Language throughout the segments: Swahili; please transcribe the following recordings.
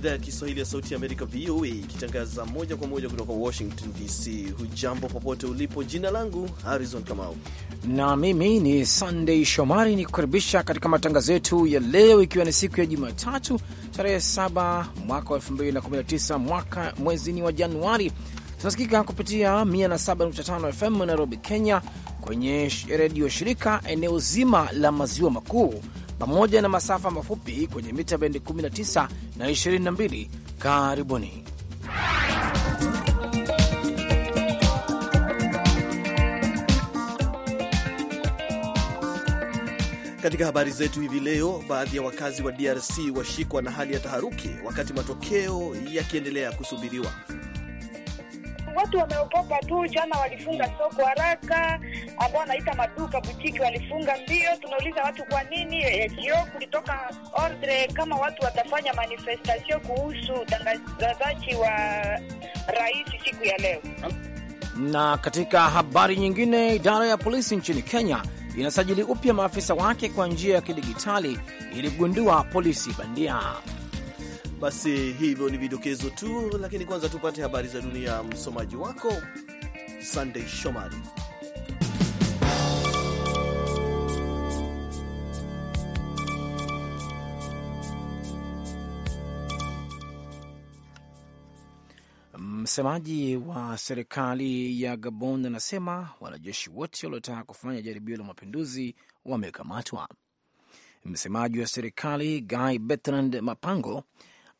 idhaa ya Kiswahili ya Sauti ya Amerika, VOA, ikitangaza moja kwa moja kutoka Washington DC. Hujambo popote ulipo, jina langu Harrison Kamau na mimi ni Sunday Shomari, ni kukaribisha katika matangazo yetu ya leo, ikiwa ni siku ya Jumatatu tarehe 7 mwaka wa 2019 mwaka mwezini wa Januari. Tunasikika kupitia 107.5 FM Nairobi, Kenya, kwenye redio shirika eneo zima la maziwa makuu pamoja na masafa mafupi kwenye mita bendi 19 na 22. Karibuni. Katika habari zetu hivi leo, baadhi ya wakazi wa DRC washikwa na hali ya taharuki wakati matokeo yakiendelea kusubiriwa. Watu wameogopa tu, jana walifunga soko haraka, ambao wanaita maduka butiki walifunga. Ndio tunauliza watu kwa nini jio eh, kulitoka ordre kama watu watafanya manifestation kuhusu utangazaji wa rais siku ya leo. Na katika habari nyingine, idara ya polisi nchini Kenya inasajili upya maafisa wake kwa njia ya kidigitali ili kugundua polisi bandia. Basi hivyo ni vidokezo tu, lakini kwanza tupate habari za dunia. Msomaji wako Sunday Shomari. Msemaji wa serikali ya Gabon anasema wanajeshi wote waliotaka kufanya jaribio la mapinduzi wamekamatwa. Msemaji wa serikali Guy Bertrand Mapango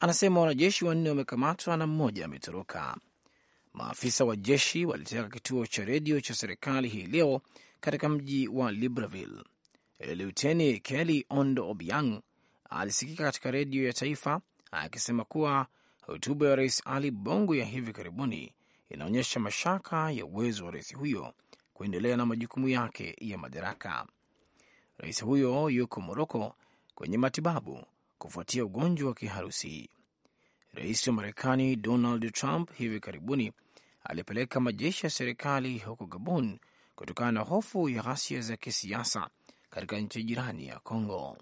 anasema wanajeshi wanne wamekamatwa na mmoja ametoroka. Maafisa wa jeshi waliteka kituo cha redio cha serikali hii leo katika mji wa Libreville. Luteni Kelly Ondo Obiang alisikika katika redio ya taifa akisema kuwa Hotuba ya Rais Ali Bongo ya hivi karibuni inaonyesha mashaka ya uwezo wa rais huyo kuendelea na majukumu yake ya madaraka. Rais huyo yuko Moroko kwenye matibabu kufuatia ugonjwa wa kiharusi. Rais wa Marekani Donald Trump hivi karibuni alipeleka majeshi ya serikali huko Gabon kutokana na hofu ya ghasia za kisiasa katika nchi jirani ya congo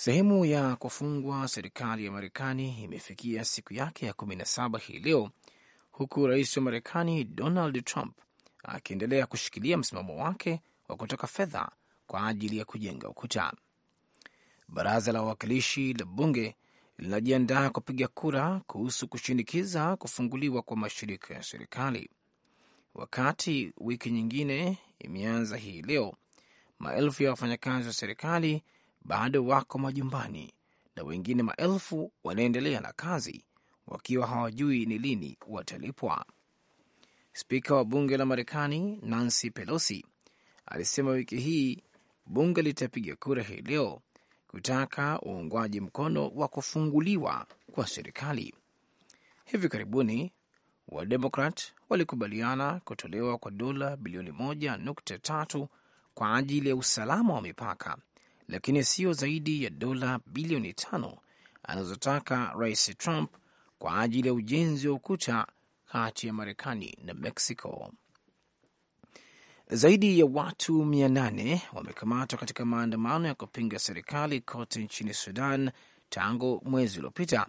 Sehemu ya kufungwa serikali ya Marekani imefikia siku yake ya kumi na saba hii leo, huku rais wa Marekani Donald Trump akiendelea kushikilia msimamo wake wa kutoka fedha kwa ajili ya kujenga ukuta. Baraza la wawakilishi la bunge linajiandaa kupiga kura kuhusu kushinikiza kufunguliwa kwa mashirika ya serikali. Wakati wiki nyingine imeanza hii leo, maelfu ya wafanyakazi wa serikali bado wako majumbani na wengine maelfu wanaendelea na kazi wakiwa hawajui ni lini watalipwa. Spika wa bunge la Marekani Nancy Pelosi alisema wiki hii bunge litapiga kura hii leo kutaka uungwaji mkono wa kufunguliwa kwa serikali. Hivi karibuni Wademokrat walikubaliana kutolewa kwa dola bilioni 1.3 kwa ajili ya usalama wa mipaka lakini sio zaidi ya dola bilioni tano anazotaka Rais Trump kwa ajili ya ujenzi wa ukuta kati ya Marekani na Mexico. Zaidi ya watu mia nane wamekamatwa katika maandamano ya kupinga serikali kote nchini Sudan tangu mwezi uliopita,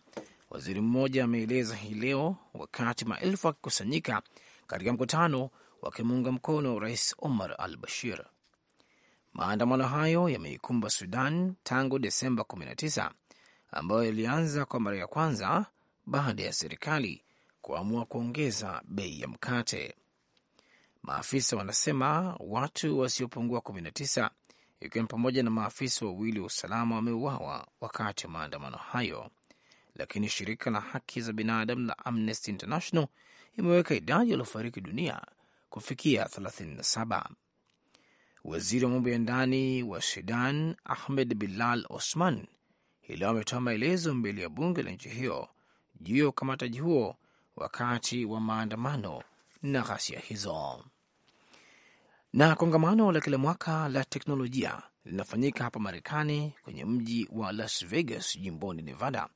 waziri mmoja ameeleza hii leo, wakati maelfu akikusanyika katika mkutano wakimuunga mkono Rais Omar al Bashir. Maandamano hayo yameikumba Sudan tangu Desemba 19 ambayo yalianza kwa mara ya kwanza baada ya serikali kuamua kuongeza bei ya mkate. Maafisa wanasema watu wasiopungua 19 ikiwa ni pamoja na maafisa wawili wa usalama wameuawa wakati wa maandamano hayo, lakini shirika la haki za binadamu la Amnesty International imeweka idadi waliofariki dunia kufikia 37. Waziri wa mambo ya ndani wa Sudan Ahmed Bilal Osman hii leo ametoa maelezo mbele ya bunge la nchi hiyo juu ya ukamataji huo wakati wa maandamano na ghasia hizo. Na kongamano la kila mwaka la teknolojia linafanyika hapa Marekani kwenye mji wa Las Vegas jimboni Nevada,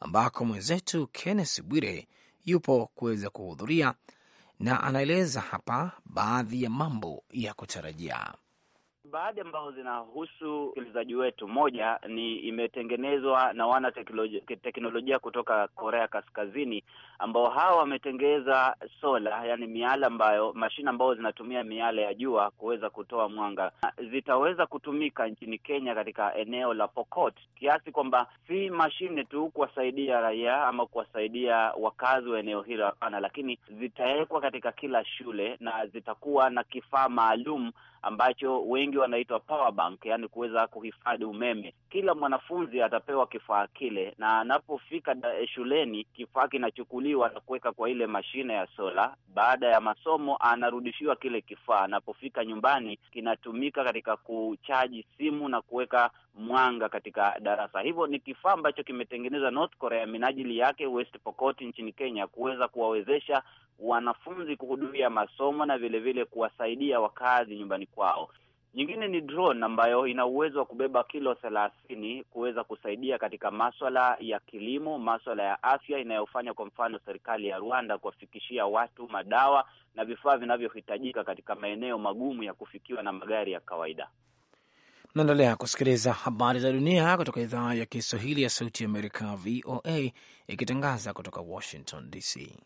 ambako mwenzetu Kenneth Bwire yupo kuweza kuhudhuria na anaeleza hapa baadhi ya mambo ya kutarajia baadhi ambazo zinahusu usikilizaji wetu. Moja ni imetengenezwa na wana teknolojia kutoka Korea Kaskazini, ambao hawa wametengeza sola, yani miale ambayo mashine ambayo zinatumia miale ya jua kuweza kutoa mwanga, zitaweza kutumika nchini Kenya katika eneo la Pokot, kiasi kwamba si mashine tu kuwasaidia raia ama kuwasaidia wakazi wa eneo hilo, hapana, lakini zitawekwa katika kila shule na zitakuwa na kifaa maalum ambacho wengi wanaitwa power bank, yani kuweza kuhifadhi umeme. Kila mwanafunzi atapewa kifaa kile, na anapofika shuleni kifaa kinachukuliwa na kuweka kwa ile mashine ya sola. Baada ya masomo, anarudishiwa kile kifaa, anapofika nyumbani kinatumika katika kuchaji simu na kuweka mwanga katika darasa. Hivyo ni kifaa ambacho kimetengenezwa North Korea minajili yake West Pokot nchini Kenya kuweza kuwawezesha wanafunzi kuhudhuria masomo na vilevile kuwasaidia wakazi nyumbani kwao. Nyingine ni drone ambayo ina uwezo wa kubeba kilo thelathini kuweza kusaidia katika maswala ya kilimo, maswala ya afya, inayofanya kwa mfano serikali ya Rwanda kuwafikishia watu madawa na vifaa vinavyohitajika katika maeneo magumu ya kufikiwa na magari ya kawaida naendelea kusikiliza habari za dunia kutoka idhaa ya Kiswahili ya Sauti ya Amerika, VOA, ikitangaza kutoka Washington DC.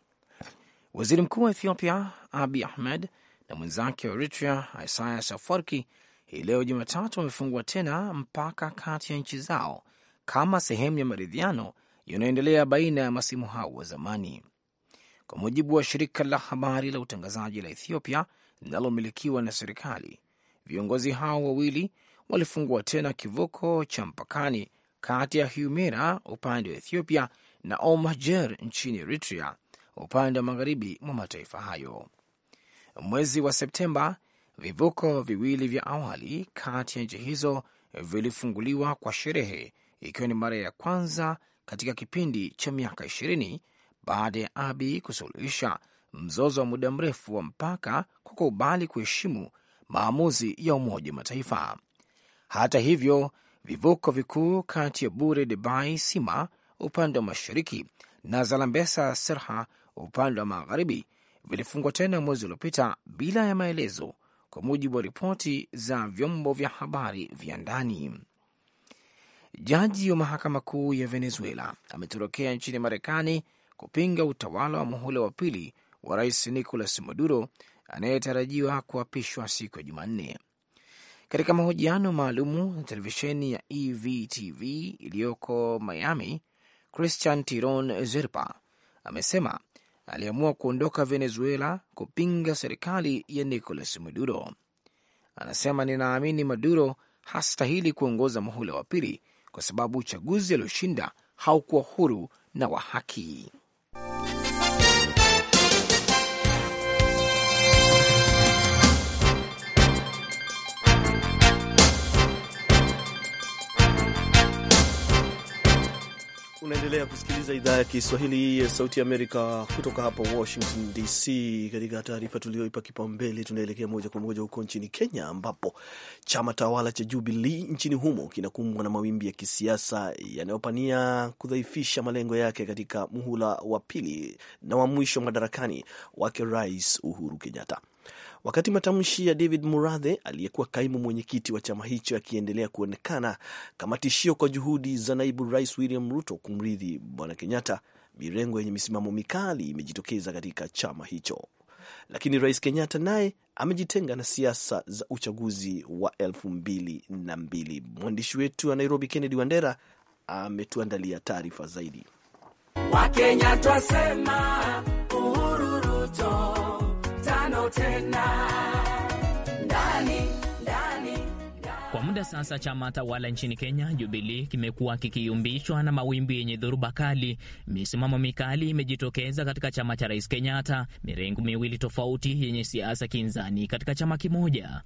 Waziri Mkuu wa Ethiopia Abi Ahmed na mwenzake wa Eritrea Isaias Afwerki hii leo Jumatatu wamefungua tena mpaka kati ya nchi zao kama sehemu ya maridhiano yanayoendelea baina ya masimu hao wa zamani, kwa mujibu wa shirika la habari la utangazaji la Ethiopia linalomilikiwa na serikali. Viongozi hao wawili walifungua tena kivuko cha mpakani kati ya Humira upande wa Ethiopia na Omajer nchini Eritrea upande wa magharibi mwa mataifa hayo. Mwezi wa Septemba, vivuko viwili vya awali kati ya nchi hizo vilifunguliwa kwa sherehe, ikiwa ni mara ya kwanza katika kipindi cha miaka ishirini baada ya Abi kusuluhisha mzozo wa muda mrefu wa mpaka kwa ubali kuheshimu maamuzi ya Umoja wa Mataifa. Hata hivyo, vivuko vikuu kati ya Bure bai Sima upande wa mashariki na Zalambesa Serha upande wa magharibi vilifungwa tena mwezi uliopita bila ya maelezo, kwa mujibu wa ripoti za vyombo vya habari vya ndani. Jaji wa mahakama kuu ya Venezuela ametorokea nchini Marekani kupinga utawala wa muhula wa pili wa rais Nicolas Maduro anayetarajiwa kuapishwa siku ya Jumanne. Katika mahojiano maalumu na televisheni ya EVTV iliyoko Miami, Christian Tiron Zerpa amesema aliamua kuondoka Venezuela kupinga serikali ya Nicolas Maduro. Anasema, ninaamini Maduro hastahili kuongoza muhula wa pili kwa sababu uchaguzi alioshinda haukuwa huru na wa haki. Unaendelea kusikiliza idhaa ya Kiswahili ya Sauti ya Amerika kutoka hapa Washington DC. Katika taarifa tuliyoipa kipaumbele, tunaelekea moja kwa moja huko nchini Kenya, ambapo chama tawala cha Jubilii nchini humo kinakumbwa na mawimbi ya kisiasa yanayopania kudhaifisha malengo yake katika muhula wa pili na wa mwisho madarakani wake Rais Uhuru Kenyatta wakati matamshi ya David Murathe aliyekuwa kaimu mwenyekiti wa chama hicho yakiendelea kuonekana kama tishio kwa juhudi za naibu rais William Ruto kumrithi bwana Kenyatta. Mirengo yenye misimamo mikali imejitokeza katika chama hicho, lakini rais Kenyatta naye amejitenga na siasa za uchaguzi wa elfu mbili na mbili. Mwandishi wetu wa Nairobi Kennedy Wandera ametuandalia taarifa zaidi. Wakenya twasema Uhuru Ruto tena ndani kwa muda sasa chama tawala nchini Kenya, Jubilii, kimekuwa kikiyumbishwa na mawimbi yenye dhoruba kali. Misimamo mikali imejitokeza katika chama cha Rais Kenyatta, mirengo miwili tofauti yenye siasa kinzani katika chama kimoja.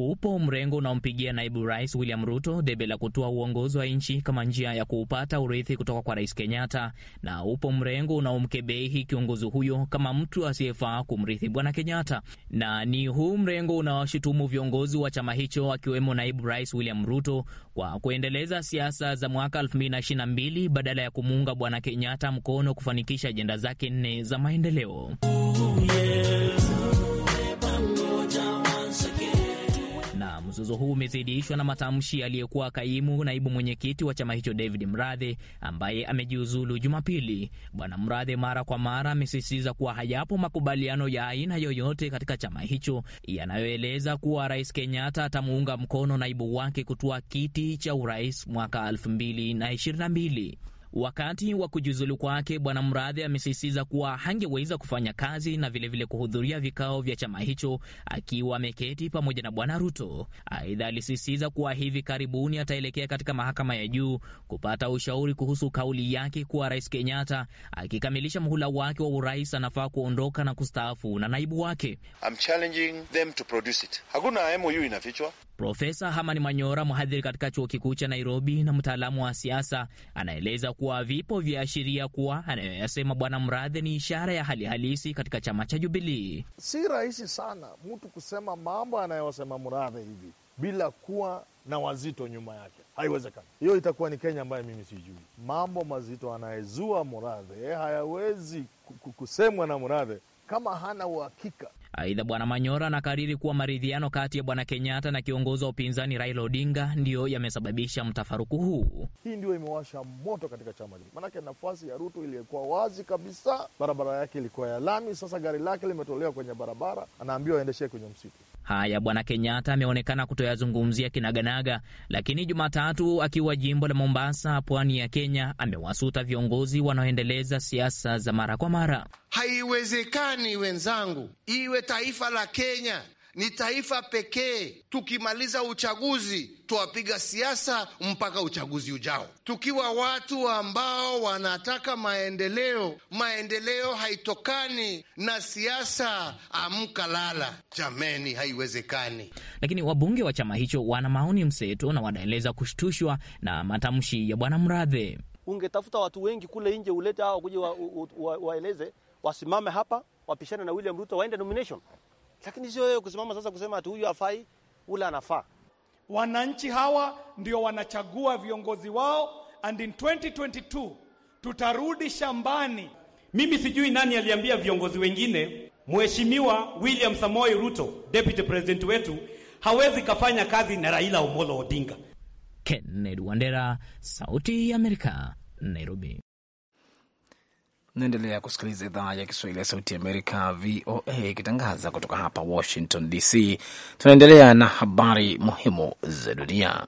Upo mrengo unaompigia naibu rais William Ruto debe la kutoa uongozi wa nchi kama njia ya kuupata urithi kutoka kwa rais Kenyatta, na upo mrengo unaomkebehi kiongozi huyo kama mtu asiyefaa kumrithi bwana Kenyatta. Na ni huu mrengo unaowashutumu viongozi wa chama hicho akiwemo naibu rais William Ruto kwa kuendeleza siasa za mwaka 2022 badala ya kumuunga bwana Kenyatta mkono kufanikisha ajenda zake nne za maendeleo. Oh, yeah. Mzozo huu umezidishwa na matamshi aliyekuwa kaimu naibu mwenyekiti wa chama hicho David Mradhe ambaye amejiuzulu Jumapili. Bwana Mradhe mara kwa mara amesisitiza kuwa hayapo makubaliano ya aina yoyote katika chama hicho yanayoeleza kuwa Rais Kenyatta atamuunga mkono naibu wake kutoa kiti cha urais mwaka 2022. Wakati wa kujiuzulu kwake, Bwana Mradhi amesisitiza kuwa hangeweza kufanya kazi na vilevile kuhudhuria vikao vya chama hicho akiwa ameketi pamoja na Bwana Ruto. Aidha, alisisitiza kuwa hivi karibuni ataelekea katika mahakama ya juu kupata ushauri kuhusu kauli yake kuwa Rais Kenyatta akikamilisha mhula wake wa urais anafaa kuondoka na kustaafu na naibu wake. I'm challenging them to produce it. Hakuna MOU inafichwa. Profesa Hamani Manyora, mhadhiri katika chuo kikuu cha Nairobi na mtaalamu wa siasa, anaeleza kuwa vipo viashiria kuwa anayoyasema Bwana Mradhe ni ishara ya hali halisi katika chama cha Jubilii. Si rahisi sana mtu kusema mambo anayosema Mradhe hivi bila kuwa na wazito nyuma yake, haiwezekani. Hiyo itakuwa ni Kenya ambayo mimi sijui. Mambo mazito anayezua mradhe eh, hayawezi kusemwa na mradhe kama hana uhakika Aidha, Bwana Manyora anakariri kuwa maridhiano kati ya Bwana Kenyatta na kiongozi wa upinzani Raila Odinga ndiyo yamesababisha mtafaruku huu. Hii ndio imewasha moto katika chama hili, maanake nafasi ya Ruto iliyokuwa wazi kabisa, barabara yake ilikuwa ya lami. Sasa gari lake limetolewa kwenye barabara, anaambiwa aendeshe kwenye msitu. Haya, Bwana Kenyatta ameonekana kutoyazungumzia kinaganaga, lakini Jumatatu akiwa jimbo la Mombasa, pwani ya Kenya, amewasuta viongozi wanaoendeleza siasa za mara kwa mara. Haiwezekani wenzangu, iwe taifa la Kenya ni taifa pekee. Tukimaliza uchaguzi, twapiga siasa mpaka uchaguzi ujao, tukiwa watu ambao wanataka maendeleo. Maendeleo haitokani na siasa, amka lala, jameni, haiwezekani. Lakini wabunge wa chama hicho wana maoni mseto na wanaeleza kushtushwa na matamshi ya Bwana Mradhe. Ungetafuta watu wengi kule nje, ulete hawa kuja waeleze, wasimame hapa, wapishane na William Ruto, waende nomination lakini sio yeye kusimama sasa kusema ati huyu hafai, ule anafaa. Wananchi hawa ndio wanachagua viongozi wao, and in 2022 tutarudi shambani. Mimi sijui nani aliambia viongozi wengine, Mheshimiwa William Samoei Ruto, deputy president wetu, hawezi kafanya kazi na Raila Omolo Odinga. Kennedy Wandera, Sauti ya Amerika, Nairobi. Naendelea kusikiliza idhaa ya Kiswahili ya Sauti Amerika, VOA, ikitangaza kutoka hapa Washington DC. Tunaendelea na habari muhimu za dunia.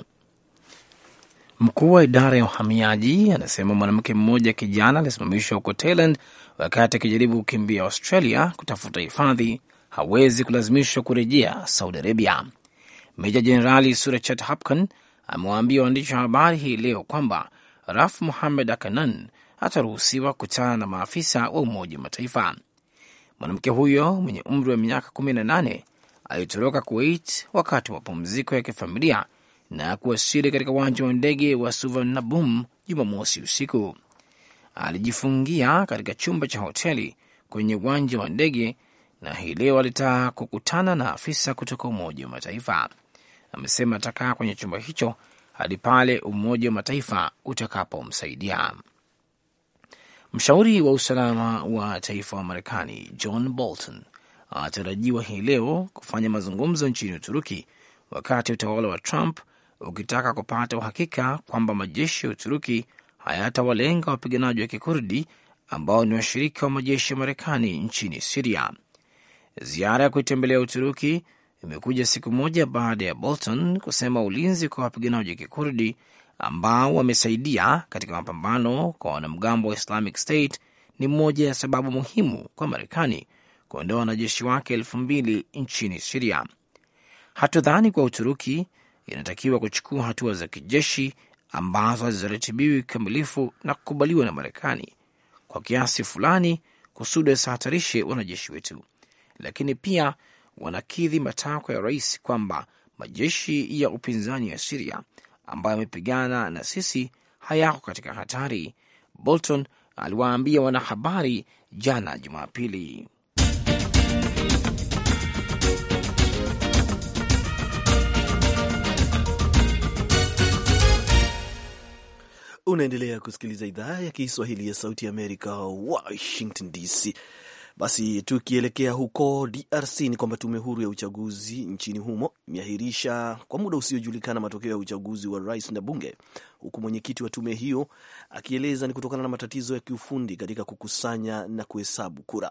Mkuu wa idara ya uhamiaji anasema mwanamke mmoja kijana alisimamishwa huko Thailand wakati akijaribu kukimbia Australia kutafuta hifadhi hawezi kulazimishwa kurejea Saudi Arabia. Meja Jenerali Surachet Hapkan amewaambia waandishi wa habari hii leo kwamba Raf Muhamed Akanan hataruhusiwa kukutana na maafisa wa Umoja wa Mataifa. Mwanamke huyo mwenye umri wa miaka 18 alitoroka Kuwait wakati wa mapumziko ya kifamilia na kuwasili katika uwanja wa ndege wa Suvarnabhumi Jumamosi usiku. Alijifungia katika chumba cha hoteli kwenye uwanja wa ndege na hii leo alitaka kukutana na afisa kutoka Umoja wa Mataifa. Amesema atakaa kwenye chumba hicho hadi pale Umoja wa Mataifa utakapomsaidia. Mshauri wa usalama wa taifa wa Marekani John Bolton anatarajiwa hii leo kufanya mazungumzo nchini Uturuki wakati utawala wa Trump ukitaka kupata uhakika kwamba majeshi ya Uturuki hayatawalenga wapiganaji wa Kikurdi ambao ni washirika wa majeshi ya Marekani nchini Siria. Ziara ya kuitembelea Uturuki imekuja siku moja baada ya Bolton kusema ulinzi kwa wapiganaji wa Kikurdi ambao wamesaidia katika mapambano kwa wanamgambo wa Islamic State ni moja ya sababu muhimu kwa Marekani kuondoa wanajeshi wake elfu mbili nchini Siria. Hatudhani kwa Uturuki inatakiwa kuchukua hatua za kijeshi ambazo haziratibiwi kikamilifu na kukubaliwa na Marekani kwa kiasi fulani, kusudi asihatarishe wanajeshi wetu, lakini pia wanakidhi matakwa ya rais kwamba majeshi ya upinzani ya Siria ambayo amepigana na sisi hayako katika hatari, Bolton aliwaambia wanahabari jana Jumapili. Unaendelea kusikiliza idhaa ya Kiswahili ya Sauti ya Amerika, Washington DC. Basi tukielekea huko DRC ni kwamba tume huru ya uchaguzi nchini humo imeahirisha kwa muda usiojulikana matokeo ya uchaguzi wa rais na bunge, huku mwenyekiti wa tume hiyo akieleza ni kutokana na matatizo ya kiufundi katika kukusanya na kuhesabu kura.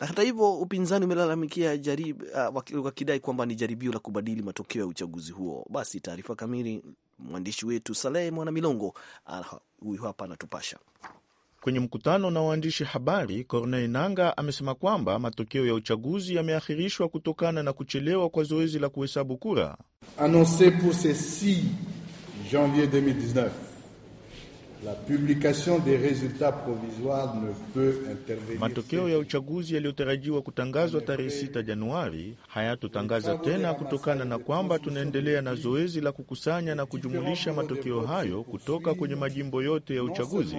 Na hata hivyo upinzani umelalamikia uh, wakidai kwamba ni jaribio la kubadili matokeo ya uchaguzi huo. Basi taarifa kamili mwandishi wetu Saleh Mwana Milongo uh, huyu hapa anatupasha. Kwenye mkutano na waandishi habari, Corneille nanga amesema kwamba matokeo ya uchaguzi yameahirishwa kutokana na kuchelewa kwa zoezi la kuhesabu kura. Annonce pour ce 6 janvier 2019 Matokeo ya uchaguzi yaliyotarajiwa kutangazwa tarehe 6 Januari hayatotangaza tena kutokana na kwamba tunaendelea na zoezi la kukusanya na kujumulisha matokeo hayo kutoka kwenye majimbo yote ya uchaguzi.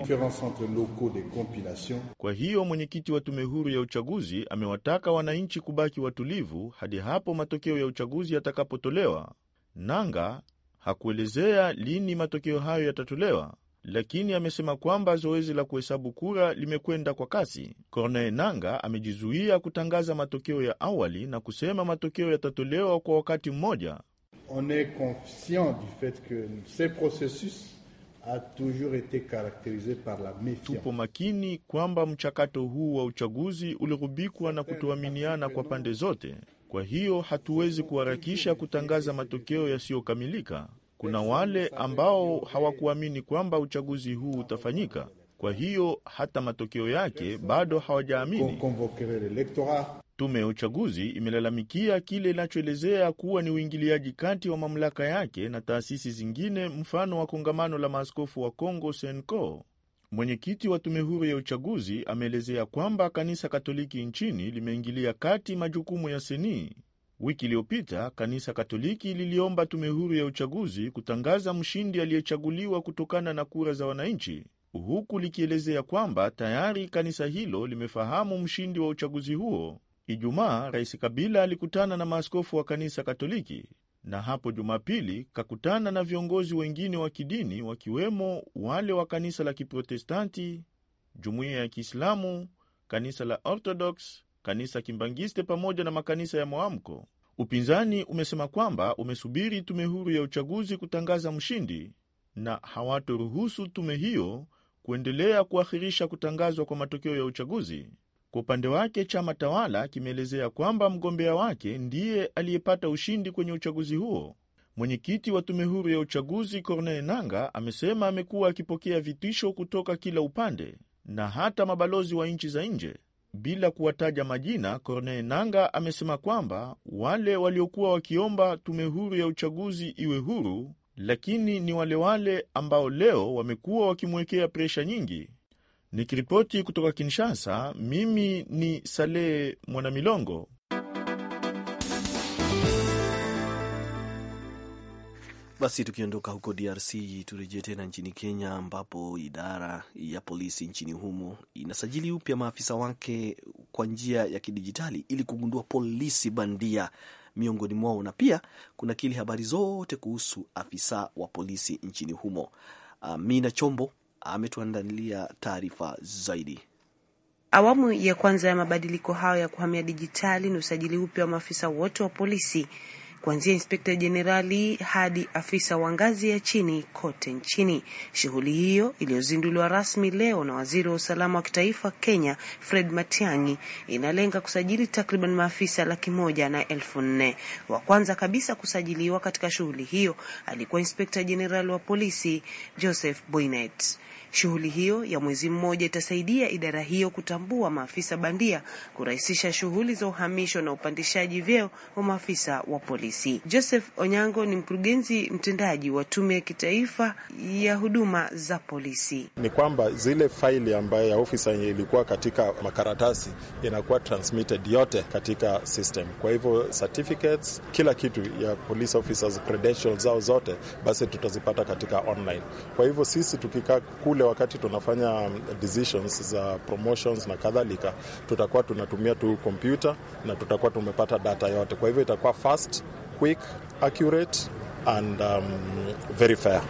Kwa hiyo mwenyekiti wa tume huru ya uchaguzi amewataka wananchi kubaki watulivu hadi hapo matokeo ya uchaguzi yatakapotolewa. Nanga hakuelezea lini matokeo hayo yatatolewa lakini amesema kwamba zoezi la kuhesabu kura limekwenda kwa kasi. Corneille nanga amejizuia kutangaza matokeo ya awali na kusema matokeo yatatolewa kwa wakati mmoja. On est conscient du fait que ce processus a toujours été par la méfiance. Tupo makini kwamba mchakato huu wa uchaguzi ulirubikwa na kutoaminiana kwa pande zote. Kwa hiyo hatuwezi kuharakisha kutangaza matokeo yasiyokamilika. Kuna wale ambao hawakuamini kwamba uchaguzi huu utafanyika, kwa hiyo hata matokeo yake bado hawajaamini. Tume ya uchaguzi imelalamikia kile inachoelezea kuwa ni uingiliaji kati wa mamlaka yake na taasisi zingine, mfano wa kongamano la maaskofu wa congo senco Mwenyekiti wa tume huru ya uchaguzi ameelezea kwamba kanisa Katoliki nchini limeingilia kati majukumu ya Seni Wiki iliyopita kanisa Katoliki liliomba tume huru ya uchaguzi kutangaza mshindi aliyechaguliwa kutokana na kura za wananchi, huku likielezea kwamba tayari kanisa hilo limefahamu mshindi wa uchaguzi huo. Ijumaa Rais Kabila alikutana na maaskofu wa kanisa Katoliki na hapo Jumapili kakutana na viongozi wengine wa kidini wakiwemo wale wa kanisa la Kiprotestanti, jumuiya ya Kiislamu, kanisa la Orthodox, kanisa Kimbangiste pamoja na makanisa ya mwamko. Upinzani umesema kwamba umesubiri tume huru ya uchaguzi kutangaza mshindi na hawatoruhusu tume hiyo kuendelea kuahirisha kutangazwa kwa matokeo ya uchaguzi. Kwa upande wake, chama tawala kimeelezea kwamba mgombea wake ndiye aliyepata ushindi kwenye uchaguzi huo. Mwenyekiti wa tume huru ya uchaguzi Corneille Nanga amesema amekuwa akipokea vitisho kutoka kila upande na hata mabalozi wa nchi za nje. Bila kuwataja majina, Corneille Nanga amesema kwamba wale waliokuwa wakiomba tume huru ya uchaguzi iwe huru, lakini ni wale wale ambao leo wamekuwa wakimwekea presha nyingi. Nikiripoti kutoka Kinshasa, mimi ni salehe Mwanamilongo. Basi tukiondoka huko DRC turejee tena nchini Kenya, ambapo idara ya polisi nchini humo inasajili upya maafisa wake kwa njia ya kidijitali ili kugundua polisi bandia miongoni mwao, na pia kuna kili habari zote kuhusu afisa wa polisi nchini humo. Amina Chombo ametuandalia taarifa zaidi. Awamu ya kwanza ya mabadiliko hayo ya kuhamia dijitali ni usajili upya wa maafisa wote wa polisi kuanzia inspekta jenerali hadi afisa wa ngazi ya chini kote nchini. Shughuli hiyo iliyozinduliwa rasmi leo na waziri wa usalama wa kitaifa Kenya Fred Matiang'i inalenga kusajili takriban maafisa laki moja na elfu nne. Wa kwanza kabisa kusajiliwa katika shughuli hiyo alikuwa inspekta jenerali wa polisi Joseph Boynet. Shughuli hiyo ya mwezi mmoja itasaidia idara hiyo kutambua maafisa bandia, kurahisisha shughuli za uhamisho na upandishaji vyeo wa maafisa wa polisi. Joseph Onyango ni mkurugenzi mtendaji wa Tume ya Kitaifa ya Huduma za Polisi. Ni kwamba zile faili ambayo ya ofisa yenye ilikuwa katika makaratasi inakuwa transmitted yote katika system. Kwa hivyo certificates, kila kitu ya police officers, credentials zao zote, basi tutazipata katika online. Kwa hivyo sisi tukikaa kule ule wakati tunafanya um, decisions za promotions na kadhalika, tutakuwa tunatumia tu kompyuta na tutakuwa tumepata data yote, kwa hivyo itakuwa fast, quick, accurate and um, very fair.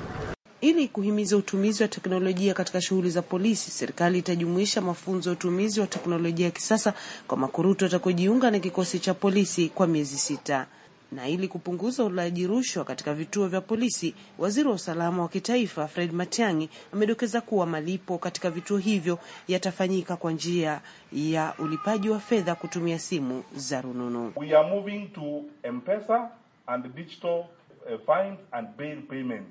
Ili kuhimiza utumizi wa teknolojia katika shughuli za polisi, serikali itajumuisha mafunzo ya utumizi wa teknolojia ya kisasa kwa makurutu watakojiunga na kikosi cha polisi kwa miezi sita na ili kupunguza ulaji rushwa katika vituo vya polisi, waziri wa usalama wa kitaifa Fred Matiang'i amedokeza kuwa malipo katika vituo hivyo yatafanyika kwa njia ya ulipaji wa fedha kutumia simu za rununu. We are moving to M-Pesa and digital eh, fine and bail payment.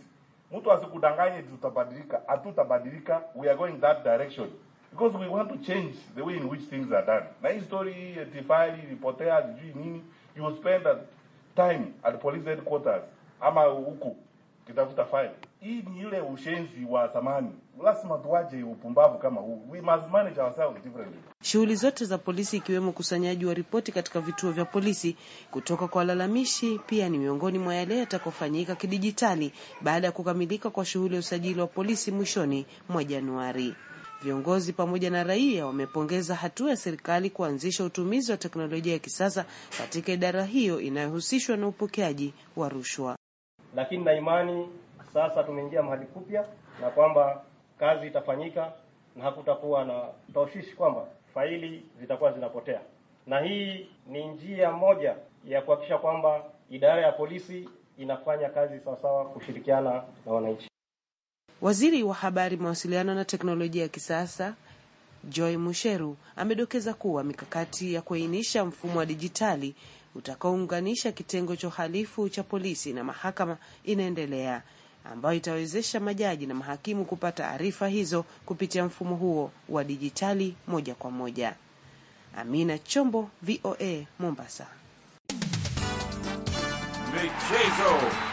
Mtu asikudanganye tutabadilika, hatutabadilika. We are going that direction because we want to change the way in which things are done. Na hii story eh, ilipotea sijui nini, you spend time at police headquarters ama huku kitafuta file. Hii ni ile ushenzi wa zamani. Lazima tuache upumbavu kama huu. We must manage ourselves differently. Shughuli zote za polisi ikiwemo kusanyaji wa ripoti katika vituo vya polisi kutoka kwa walalamishi pia ni miongoni mwa yale yatakofanyika kidijitali baada ya kukamilika kwa shughuli ya usajili wa polisi mwishoni mwa Januari. Viongozi pamoja na raia wamepongeza hatua ya serikali kuanzisha utumizi wa teknolojia ya kisasa katika idara hiyo inayohusishwa na upokeaji wa rushwa. Lakini na imani sasa tumeingia mahali kupya na kwamba kazi itafanyika na hakutakuwa na taushishi kwamba faili zitakuwa zinapotea, na hii ni njia moja ya kuhakikisha kwamba idara ya polisi inafanya kazi sawasawa, kushirikiana na wananchi. Waziri wa Habari, Mawasiliano na Teknolojia ya Kisasa Joy Musheru amedokeza kuwa mikakati ya kuainisha mfumo wa dijitali utakaounganisha kitengo cha uhalifu cha polisi na mahakama inaendelea, ambayo itawezesha majaji na mahakimu kupata arifa hizo kupitia mfumo huo wa dijitali moja kwa moja. Amina Chombo, VOA, Mombasa. Michezo.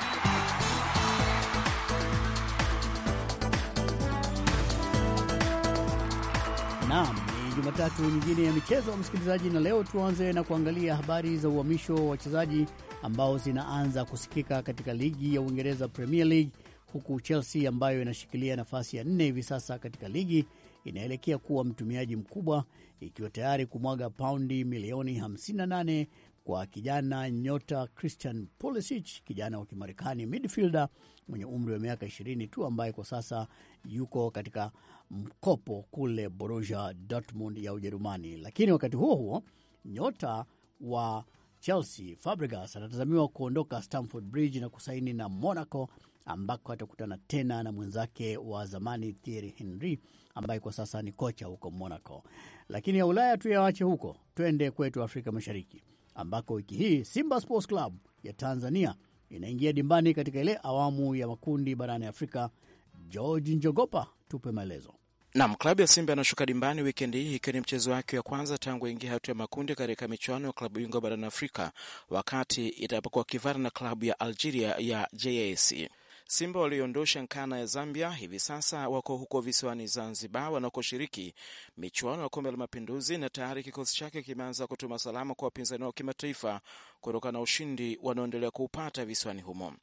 Ni Jumatatu nyingine ya michezo, msikilizaji, na leo tuanze na kuangalia habari za uhamisho wa wachezaji ambao zinaanza kusikika katika ligi ya Uingereza, Premier League, huku Chelsea ambayo inashikilia nafasi ya nne hivi sasa katika ligi inaelekea kuwa mtumiaji mkubwa, ikiwa tayari kumwaga paundi milioni 58 kwa kijana nyota Christian Pulisic, kijana wa Kimarekani midfielder mwenye umri wa miaka 20 tu ambaye kwa sasa yuko katika mkopo kule Borussia Dortmund ya Ujerumani. Lakini wakati huo huo nyota wa Chelsea Fabregas anatazamiwa kuondoka Stamford Bridge na kusaini na Monaco ambako atakutana tena na mwenzake wa zamani Thierry Henry ambaye kwa sasa ni kocha huko Monaco. Lakini ya Ulaya tuyawache huko, twende kwetu Afrika Mashariki ambako wiki hii Simba Sports Club ya Tanzania inaingia dimbani katika ile awamu ya makundi barani Afrika. George Njogopa, tupe maelezo. Nam, klabu ya Simba anashuka dimbani wikendi hii ikiwa ni mchezo wake wa kwanza tangu aingia hatua ya makundi katika michuano ya klabu bingwa barani Afrika, wakati itapokuwa kivara na klabu ya Algeria ya JAC. Simba walioondosha Nkana ya Zambia hivi sasa wako huko visiwani Zanzibar wanakoshiriki michuano ya kombe la Mapinduzi, na tayari kikosi chake kimeanza kutuma salama kwa wapinzani wao kimataifa kutokana na ushindi wanaoendelea kuupata visiwani humo.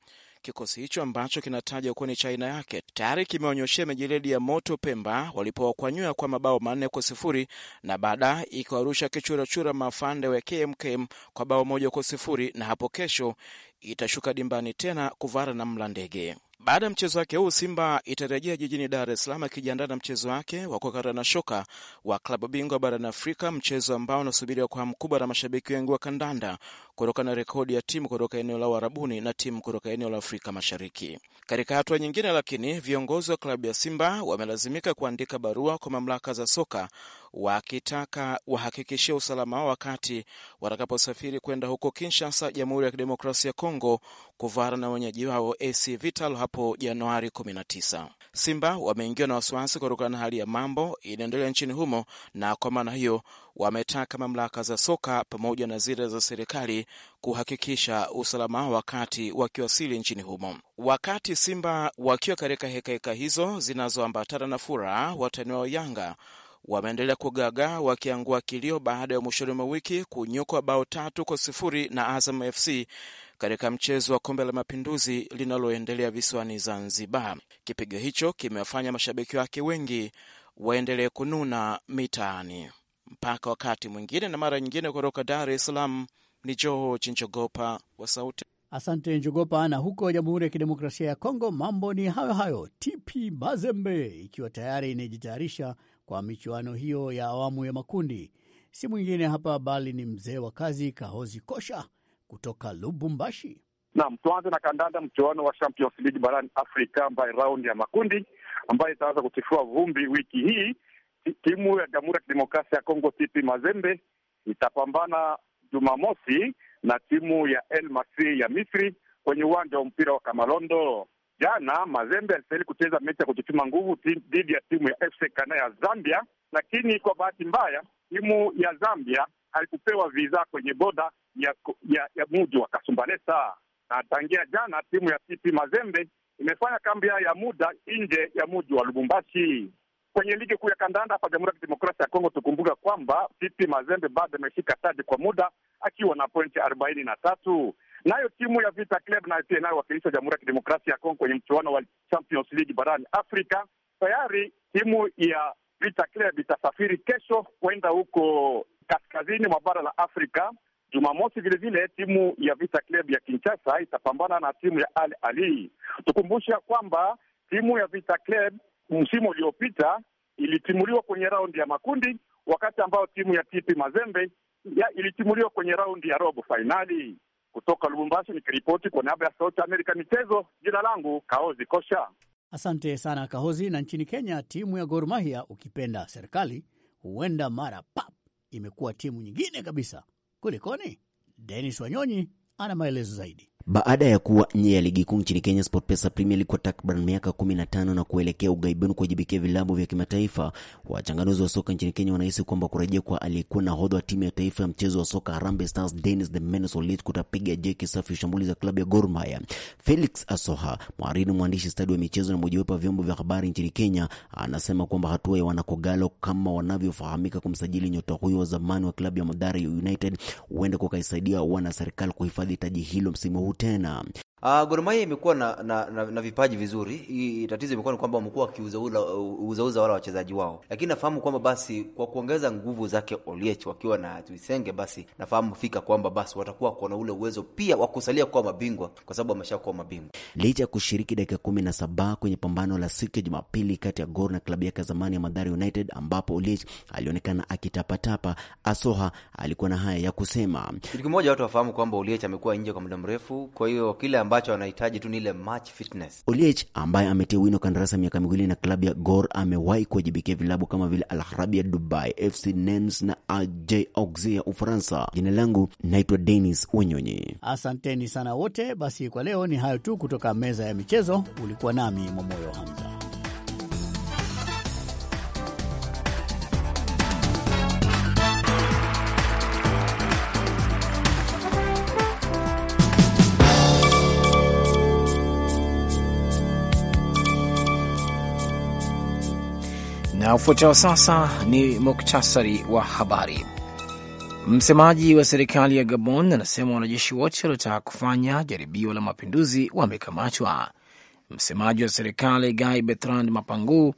Kikosi hicho ambacho kinatajwa kuwa ni cha aina yake tayari kimeonyeshea mijeledi ya moto Pemba walipowakwanyua kwa mabao manne kwa sifuri na baada ikiwarusha kichurachura mafande wa KMKM kwa bao moja kwa sifuri na hapo kesho itashuka dimbani tena kuvara na ndege. Baada ya mchezo wake huu, Simba itarejea jijini Dar es Salaam akijiandaa na mchezo wake wa kukarana shoka wa klabu bingwa barani Afrika, mchezo ambao unasubiriwa kwa mkubwa na mashabiki wengi wa kandanda kutokana na rekodi ya timu kutoka eneo la Uarabuni na timu kutoka eneo la Afrika Mashariki. Katika hatua nyingine, lakini viongozi wa klabu ya Simba wamelazimika kuandika barua kwa mamlaka za soka wakitaka wahakikishie usalama wao wakati watakaposafiri kwenda huko Kinshasa, Jamhuri ya Kidemokrasia ya Kongo, kuvara na wenyeji wao AC Vital hapo Januari 19. Simba wameingiwa na wasiwasi kutokana na hali ya mambo inaendelea nchini humo, na kwa maana hiyo wametaka mamlaka za soka pamoja na zile za serikali kuhakikisha usalama wakati wakiwasili nchini humo. Wakati Simba wakiwa katika hekaheka hizo zinazoambatana na furaha, watani wao Yanga wameendelea kugagaa wakiangua kilio baada ya mwishoni mwa wiki kunyukwa bao tatu kwa sifuri na Azam FC katika mchezo wa kombe la mapinduzi linaloendelea visiwani Zanzibar. Kipigo hicho kimewafanya mashabiki wake wengi waendelee kununa mitaani mpaka wakati mwingine na mara nyingine. Kutoka Dar es Salaam ni George Njogopa wa Sauti. Asante Njogopa. Na huko Jamhuri ya Kidemokrasia ya Kongo mambo ni hayo hayo, TP Mazembe ikiwa tayari inajitayarisha kwa michuano hiyo ya awamu ya makundi, si mwingine hapa bali ni mzee wa kazi Kahozi Kosha kutoka Lubumbashi. Naam, tuanze na kandanda, mchuano wa Champions League barani Afrika ambaye raundi ya makundi ambaye itaanza kutifua vumbi wiki hii. Timu ya Jamhuri ya Kidemokrasia ya Kongo TP Mazembe itapambana Jumamosi na timu ya El Masri ya Misri kwenye uwanja wa mpira wa Kamalondo. Jana Mazembe alistahili kucheza mechi ya kujituma nguvu dhidi ya timu ya FC Kana ya Zambia, lakini kwa bahati mbaya timu ya Zambia haikupewa viza kwenye boda ya, ya, ya muji wa Kasumbalesa, na tangia jana timu ya TP Mazembe imefanya kambi ya muda nje ya muji wa Lubumbashi kwenye ligi kuu ya kandanda hapa Jamhuri ya Kidemokrasia ya Kongo. Tukumbuka kwamba TP Mazembe bado ameshika taji kwa muda akiwa na pointi arobaini na tatu. Nayo timu ya Vita Club nayo pia inayowakilisha Jamhuri ya Kidemokrasia ya Kongo kwenye mchuano wa Champions League barani Afrika, tayari timu ya Vita Club itasafiri kesho kwenda huko kaskazini mwa bara la Afrika Jumamosi vilevile timu ya Vita Club ya Kinshasa itapambana na timu ya Al Ali. tukumbusha ya kwamba timu ya Vita Club msimu uliopita ilitimuliwa kwenye raundi ya makundi, wakati ambao timu ya TP Mazembe ya ilitimuliwa kwenye raundi ya robo fainali. Kutoka Lubumbashi nikiripoti kwa niaba ya Sauti Amerika michezo, jina langu Kaozi Kosha. Asante sana Kahozi. Na nchini Kenya, timu ya Gor Mahia, ukipenda serikali huenda mara pap imekuwa timu nyingine kabisa Kulikoni? Denis Wanyonyi ana maelezo zaidi. Baada ya kuwa nje ya ligi kuu nchini Kenya, SportPesa Premier League kwa takriban miaka 15 na kuelekea ugaibuni kuwajibikia vilabu vya kimataifa, wachanganuzi wa soka nchini Kenya wanahisi kwamba kurejea kwa aliyekuwa nahodha wa timu ya taifa ya mchezo wa soka Harambee Stars Dennis the Menace Olit kutapiga jeki safi shambulizi za klabu ya Gor Mahia. Felix Asoha, mhariri, mwandishi stadi wa michezo na mojawapo wa vyombo vya habari nchini Kenya, anasema kwamba hatua ya wanakogalo kama wanavyofahamika kumsajili nyota huyo wa zamani wa klabu ya Mathare United huenda kukaisaidia wana serikali kuhifadhi taji hilo msimu huu tena. Uh, Gor Mahia imekuwa na, na, na, na vipaji vizuri. Hii tatizo imekuwa ni kwamba wamekuwa wakiuzauza wala wachezaji wao, lakini nafahamu kwamba basi kwa kuongeza nguvu zake Oliech wakiwa na Tuisenge, basi nafahamu fika kwamba basi watakuwa na ule uwezo pia wa kusalia kuwa mabingwa kwa sababu wameshakuwa mabingwa. Licha ya kushiriki dakika kumi na saba kwenye pambano la siku ya Jumapili kati ya Gor na klabu yake zamani ya Mathare United ambapo Oliech alionekana akitapatapa, Asoha alikuwa na haya ya kusema. Kitu kimoja watu wafahamu kwamba Oliech amekuwa nje kwa muda mrefu, kwa hiyo kila ambacho wanahitaji tu ni ile match fitness. Oliech ambaye ametia wino kandarasa miaka miwili na klabu ya Gor amewahi kuwajibikia vilabu kama vile Al Arabia Dubai, FC Nens na AJ Auxerre ya Ufaransa. Jina langu naitwa Dennis Wanyonyi, asanteni sana wote. Basi kwa leo ni hayo tu kutoka meza ya michezo, ulikuwa nami Momoyo Hamza. Na ufuatao sasa ni muktasari wa habari. Msemaji wa serikali ya Gabon anasema wanajeshi wote waliotaka kufanya jaribio la mapinduzi wamekamatwa. Msemaji wa serikali Guy Bertrand Mapangu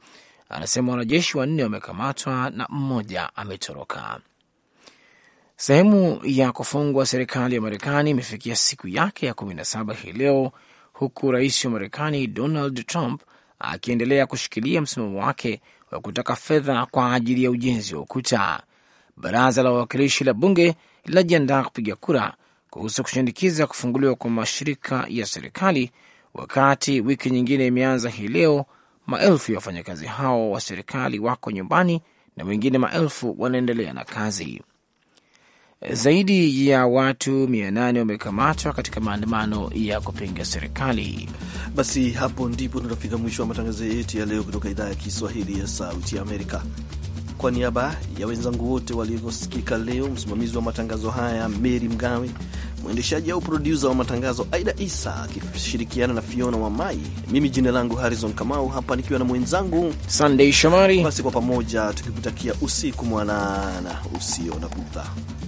anasema wanajeshi wanne wamekamatwa na mmoja ametoroka. Sehemu ya kufungwa serikali ya Marekani imefikia siku yake ya 17 hii leo, huku rais wa Marekani Donald Trump akiendelea kushikilia msimamo wake wa kutaka fedha kwa ajili ya ujenzi wa ukuta. Baraza la wawakilishi la bunge linajiandaa kupiga kura kuhusu kushinikiza kufunguliwa kwa mashirika ya serikali, wakati wiki nyingine imeanza hii leo. Maelfu ya wafanyakazi hao wa serikali wako nyumbani na wengine maelfu wanaendelea na kazi. Zaidi ya watu 800 wamekamatwa katika maandamano ya kupinga serikali. Basi hapo ndipo tunafika mwisho wa matangazo yetu ya leo kutoka idhaa ya Kiswahili ya Sauti ya Amerika. Kwa niaba ya wenzangu wote walivyosikika leo, msimamizi wa matangazo haya Meri Mgawe, mwendeshaji au produsa wa matangazo Aida Isa akishirikiana na Fiona wa Mai. Mimi jina langu Harrison Kamau, hapa nikiwa na mwenzangu sandei Shomari. Basi kwa pamoja tukikutakia usiku mwanana usio na budha.